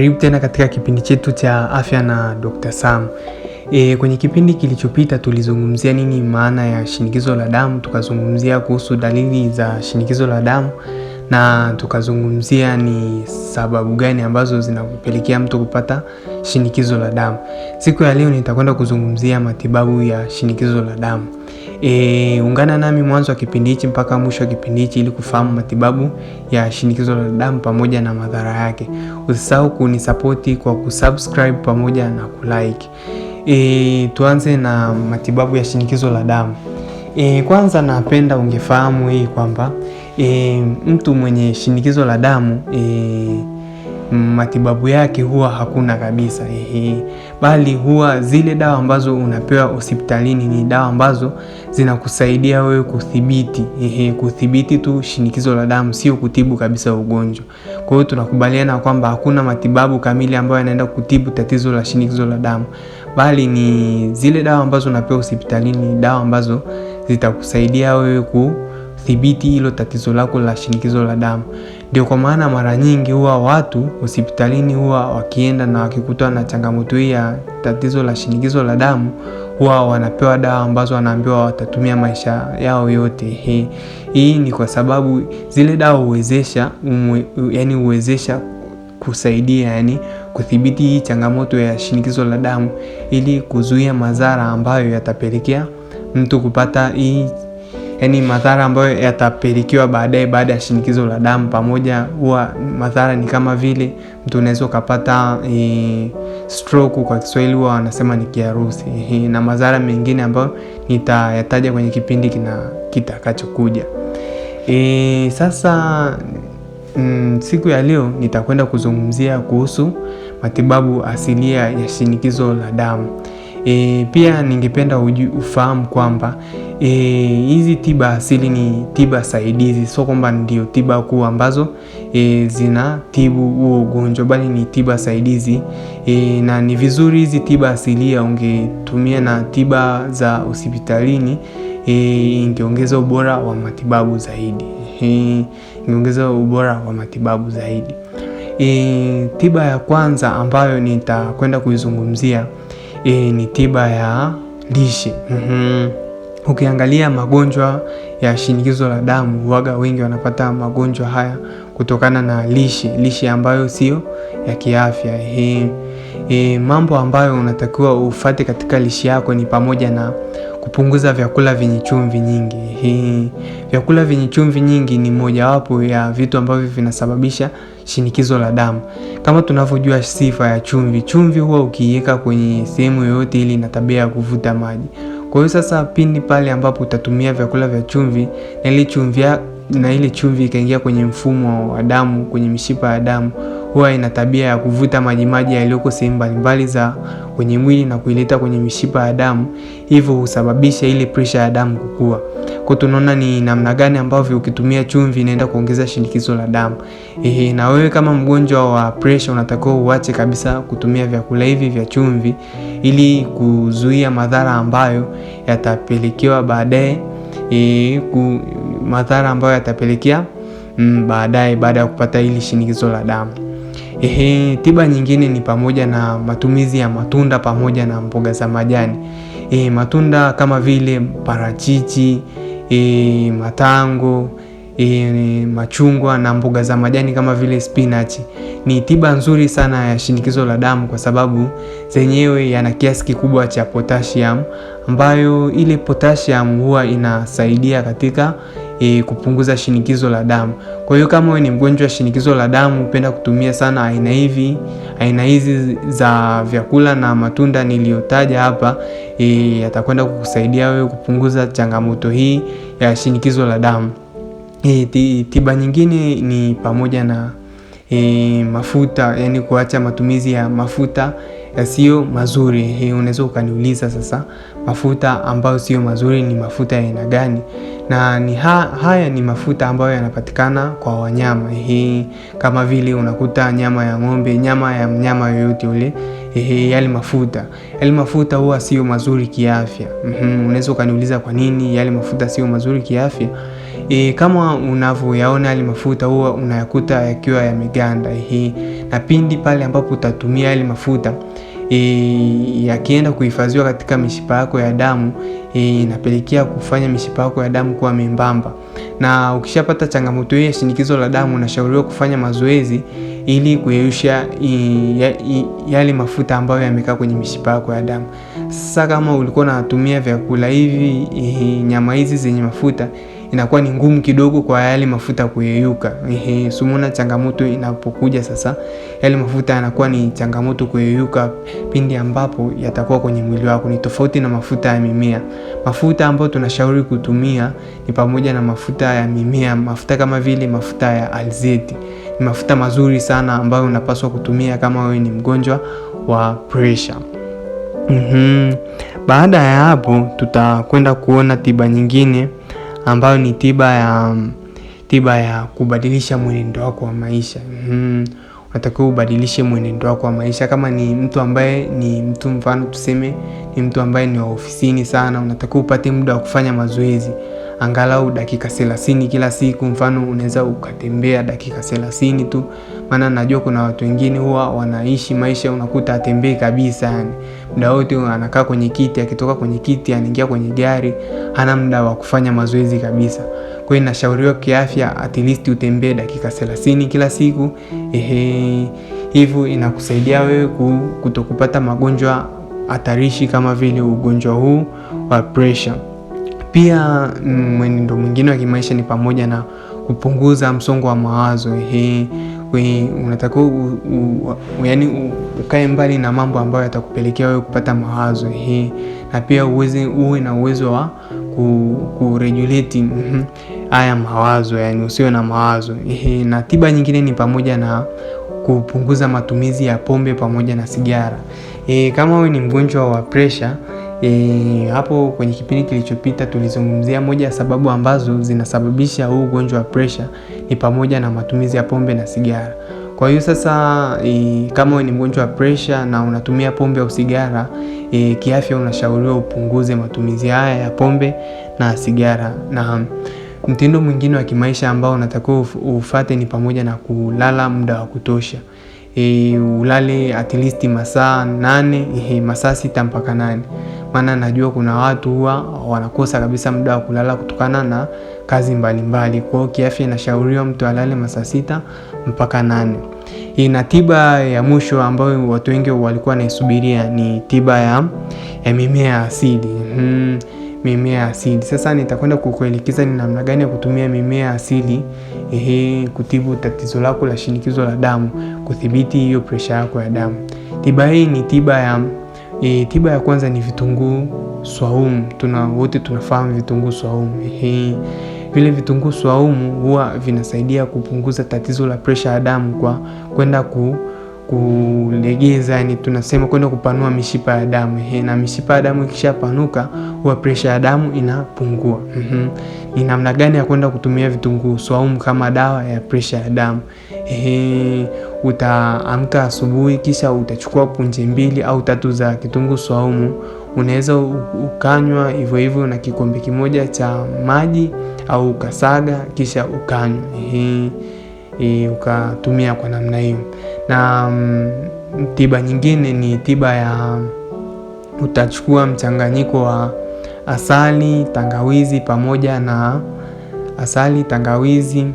Karibu tena katika kipindi chetu cha afya na Dr. Sam. E, kwenye kipindi kilichopita tulizungumzia nini maana ya shinikizo la damu, tukazungumzia kuhusu dalili za shinikizo la damu na tukazungumzia ni sababu gani ambazo zinapelekea mtu kupata shinikizo la damu. Siku ya leo nitakwenda kuzungumzia matibabu ya shinikizo la damu. E, ungana nami mwanzo wa kipindi hichi mpaka mwisho wa kipindi hichi ili kufahamu matibabu ya shinikizo la damu pamoja na madhara yake. Usisahau kunisapoti kwa kusubscribe pamoja na kulike. E, tuanze na matibabu ya shinikizo la damu. E, kwanza napenda ungefahamu hii kwamba e, mtu mwenye shinikizo la damu e, Mm, matibabu yake huwa hakuna kabisa ehe, bali huwa zile dawa ambazo unapewa hospitalini ni dawa ambazo zinakusaidia wewe kudhibiti, ehe, kudhibiti tu shinikizo la damu, sio kutibu kabisa ugonjwa. Kwa hiyo tunakubaliana kwamba hakuna matibabu kamili ambayo yanaenda kutibu tatizo la shinikizo la damu, bali ni zile dawa ambazo unapewa hospitalini, ni dawa ambazo zitakusaidia wewe kudhibiti hilo tatizo lako la shinikizo la damu. Ndio kwa maana mara nyingi huwa watu hospitalini huwa wakienda na wakikutwa na changamoto hii ya tatizo la shinikizo la damu huwa wanapewa dawa ambazo wanaambiwa watatumia maisha yao yote. He, hii ni kwa sababu zile dawa huwezesha yani huwezesha kusaidia yani kudhibiti hii changamoto ya shinikizo la damu ili kuzuia madhara ambayo yatapelekea mtu kupata hii yani madhara ambayo yatapelekiwa baadaye baada ya shinikizo la damu pamoja, huwa madhara ni kama vile mtu unaweza ukapata e, stroke kwa Kiswahili huwa wanasema ni kiharusi e, na madhara mengine ambayo nitayataja kwenye kipindi kina kitakachokuja. E, sasa mm, siku ya leo nitakwenda kuzungumzia kuhusu matibabu asilia ya shinikizo la damu. E, pia ningependa ufahamu kwamba e, hizi e, tiba asili ni tiba saidizi, sio kwamba ndio tiba kuu ambazo e, zinatibu huo ugonjwa, bali ni tiba saidizi e, na ni vizuri hizi tiba asilia ungetumia na tiba za hospitalini e, ingeongeza ubora wa matibabu zaidi e, ingeongeza ubora wa matibabu zaidi e, tiba ya kwanza ambayo nitakwenda kuizungumzia e, ni tiba ya lishe mm -hmm. Ukiangalia magonjwa ya shinikizo la damu, waga wengi wanapata magonjwa haya kutokana na lishe, lishe ambayo sio ya kiafya. E, e, mambo ambayo unatakiwa ufate katika lishe yako ni pamoja na kupunguza vyakula vyenye chumvi nyingi. vyakula vyenye chumvi nyingi ni mojawapo ya vitu ambavyo vinasababisha shinikizo la damu. Kama tunavyojua sifa ya chumvi, chumvi huwa ukiiweka kwenye sehemu yoyote ile ina tabia ya kuvuta maji. Kwa hiyo sasa, pindi pale ambapo utatumia vyakula vya chumvi na ile chumvi na ile chumvi ikaingia kwenye mfumo wa damu, kwenye mishipa ya damu huwa ina tabia ya kuvuta majimaji yaliyoko sehemu mbalimbali za kwenye mwili na kuileta kwenye mishipa ya damu, hivyo husababisha ile pressure ya damu kukua. Kwa tunaona ni namna gani ambavyo ukitumia chumvi inaenda kuongeza shinikizo la damu. Ehe, na wewe kama mgonjwa wa pressure unatakiwa uache kabisa kutumia vyakula hivi vya chumvi ili kuzuia madhara ambayo yatapelekewa baadaye e, madhara ambayo yatapelekea mm, baadaye baada ya kupata hili shinikizo la damu. Ehe, tiba nyingine ni pamoja na matumizi ya matunda pamoja na mboga za majani. E, matunda kama vile parachichi, e, matango, e, machungwa na mboga za majani kama vile spinachi ni tiba nzuri sana ya shinikizo la damu kwa sababu zenyewe yana kiasi kikubwa cha potassium ambayo ile potassium huwa inasaidia katika e, kupunguza shinikizo la damu. Kwa hiyo kama wewe ni mgonjwa wa shinikizo la damu, upenda kutumia sana aina hivi aina hizi za vyakula na matunda niliyotaja hapa, e, yatakwenda kukusaidia wewe kupunguza changamoto hii ya shinikizo la damu. E, tiba nyingine ni pamoja na e, mafuta, yani kuacha matumizi ya mafuta yasiyo mazuri. E, unaweza ukaniuliza sasa mafuta ambayo sio mazuri ni mafuta ya aina gani, na ni ha, haya ni mafuta ambayo yanapatikana kwa wanyama hii, kama vile unakuta nyama ya ng'ombe, nyama ya mnyama yoyote ule Ehe, yale mafuta yale mafuta huwa sio mazuri kiafya. Mm-hmm. Unaweza ukaniuliza kwa nini yale mafuta sio mazuri kiafya? E, kama unavyoyaona yale mafuta huwa unayakuta yakiwa yameganda. hii na pindi pale ambapo utatumia yale mafuta e, yakienda kuhifadhiwa katika mishipa yako ya damu e, inapelekea kufanya mishipa yako ya damu kuwa membamba. Na ukishapata changamoto hii ya shinikizo la damu, unashauriwa kufanya mazoezi ili kuyeyusha e, e, yale mafuta ambayo yamekaa kwenye mishipa yako ya damu. Sasa kama ulikuwa unatumia vyakula hivi, e, nyama hizi zenye mafuta inakuwa ni ngumu kidogo kwa yale mafuta kuyeyuka. Ehe, sumuna changamoto inapokuja sasa, yale mafuta yanakuwa ni changamoto kuyeyuka pindi ambapo yatakuwa kwenye mwili wako. Ni tofauti na mafuta ya mimea. Mafuta ambayo tunashauri kutumia ni pamoja na mafuta ya mimea, mafuta kama vile mafuta ya alizeti. Ni mafuta mazuri sana ambayo unapaswa kutumia kama wewe ni mgonjwa wa pressure. Mm -hmm. Baada ya hapo tutakwenda kuona tiba nyingine ambayo ni tiba ya tiba ya kubadilisha mwenendo wako wa maisha. Mm, unatakiwa ubadilishe mwenendo wako wa maisha. Kama ni mtu ambaye ni mtu, mfano tuseme ni mtu ambaye ni wa ofisini sana, unatakiwa upate muda wa kufanya mazoezi angalau dakika thelathini kila siku. Mfano, unaweza ukatembea dakika 30 tu, maana najua kuna watu wengine huwa wanaishi maisha, unakuta atembei kabisa, yani muda wote anakaa kwenye kiti, akitoka kwenye kiti anaingia kwenye gari, hana muda wa kufanya mazoezi kabisa. Kwa hiyo inashauriwa kiafya, at least utembee dakika thelathini kila siku. Ehe, hivyo inakusaidia wewe kutokupata magonjwa hatarishi kama vile ugonjwa huu wa pressure. Pia mm, mwenendo mwingine wa kimaisha ni pamoja na kupunguza msongo wa mawazo. unatakiwa yani ukae mbali na mambo ambayo yatakupelekea wewe kupata mawazo he, na pia uweze uwe na uwezo wa ku, mm-hmm, haya mawazo, yani usiwe na mawazo he. Na tiba nyingine ni pamoja na kupunguza matumizi ya pombe pamoja na sigara. E, kama wewe ni mgonjwa wa pressure E, hapo kwenye kipindi kilichopita tulizungumzia moja ya sababu ambazo zinasababisha huu ugonjwa wa presha ni pamoja na matumizi ya pombe na sigara. Kwa hiyo sasa e, kama ni mgonjwa wa presha na unatumia pombe au sigara e, kiafya unashauriwa upunguze matumizi haya ya pombe na sigara. Na mtindo mwingine wa kimaisha ambao unatakiwa ufate ni pamoja na kulala muda wa kutosha. E, ulale at least masaa nane, e, masaa sita mpaka nane maana najua kuna watu huwa wanakosa kabisa muda wa kulala kutokana na kazi mbalimbali. Kwa hiyo kiafya inashauriwa mtu alale masaa sita mpaka nane. Ina tiba ya mwisho ambayo watu wengi walikuwa wanaisubiria ni tiba ya, ya mimea ya asili hmm, mimea asili. Sasa nitakwenda kukuelekeza ni namna gani ya kutumia mimea asili ehe, kutibu tatizo lako la shinikizo la damu, kudhibiti hiyo presha yako ya damu. Tiba hii ni tiba ya E, tiba ya kwanza ni vitunguu swaumu. Tuna wote tunafahamu vitunguu swaumu. E, Vile vitunguu swaumu huwa vinasaidia kupunguza tatizo la presha ya damu kwa kwenda ku kulegeza, yani tunasema kwenda kupanua mishipa ya damu he, eh, na mishipa ya damu ikishapanuka huwa presha ya damu inapungua. mm -hmm. Ni namna gani ya kwenda kutumia vitunguu swaumu kama dawa ya presha ya damu he, eh, utaamka asubuhi, kisha utachukua punje mbili au tatu za kitunguu swaumu unaweza ukanywa hivyo hivyo na kikombe kimoja cha maji au ukasaga kisha ukanywa, eh, ukatumia kwa namna hiyo na mm, tiba nyingine ni tiba ya utachukua mchanganyiko wa asali, tangawizi pamoja na asali, tangawizi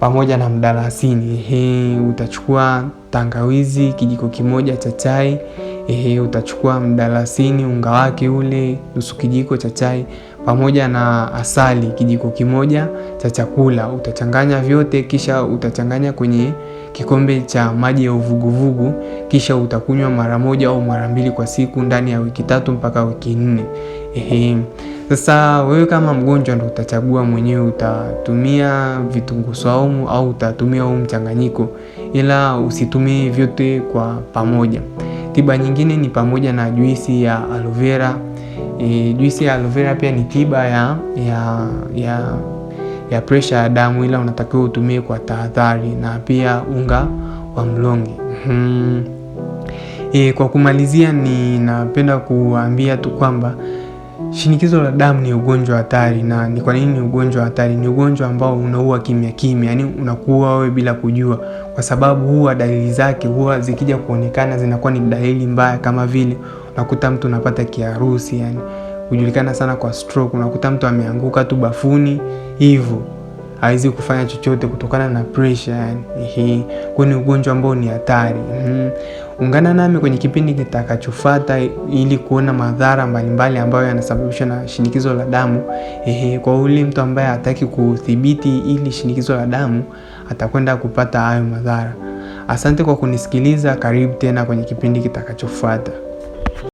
pamoja na mdalasini. He, utachukua tangawizi kijiko kimoja cha chai. He, utachukua mdalasini unga wake ule nusu kijiko cha chai pamoja na asali kijiko kimoja cha chakula. Utachanganya vyote, kisha utachanganya kwenye kikombe cha maji ya uvuguvugu, kisha utakunywa mara moja au mara mbili kwa siku ndani ya wiki tatu mpaka wiki nne. Ehe. Sasa wewe kama mgonjwa ndo utachagua mwenyewe, utatumia vitunguu swaumu au utatumia huu mchanganyiko, ila usitumie vyote kwa pamoja. Tiba nyingine ni pamoja na juisi ya aloe vera E, juisi ya aloe vera pia ni tiba ya, ya, ya, ya presha ya damu, ila unatakiwa utumie kwa tahadhari, na pia unga wa mlonge hmm. E, kwa kumalizia ninapenda kuambia tu kwamba shinikizo la damu ni ugonjwa hatari. Na ni kwa nini ni ugonjwa hatari? Ni ugonjwa ambao unaua kimya kimya, yani unakuwa wewe bila kujua, kwa sababu huwa dalili zake huwa zikija kuonekana zinakuwa ni dalili mbaya kama vile unakuta mtu unapata kiharusi, yani hujulikana sana kwa stroke. Unakuta mtu ameanguka tu bafuni hivyo hawezi kufanya chochote kutokana na pressure yani. Kwa ni ugonjwa ambao ni hatari. Mm. Ungana nami kwenye kipindi kitakachofuata ili kuona madhara mbalimbali ambayo yanasababishwa na shinikizo la damu. Ehe, kwa ule mtu ambaye hataki kudhibiti ili shinikizo la damu atakwenda kupata hayo madhara. Asante kwa kunisikiliza, karibu tena kwenye kipindi kitakachofuata.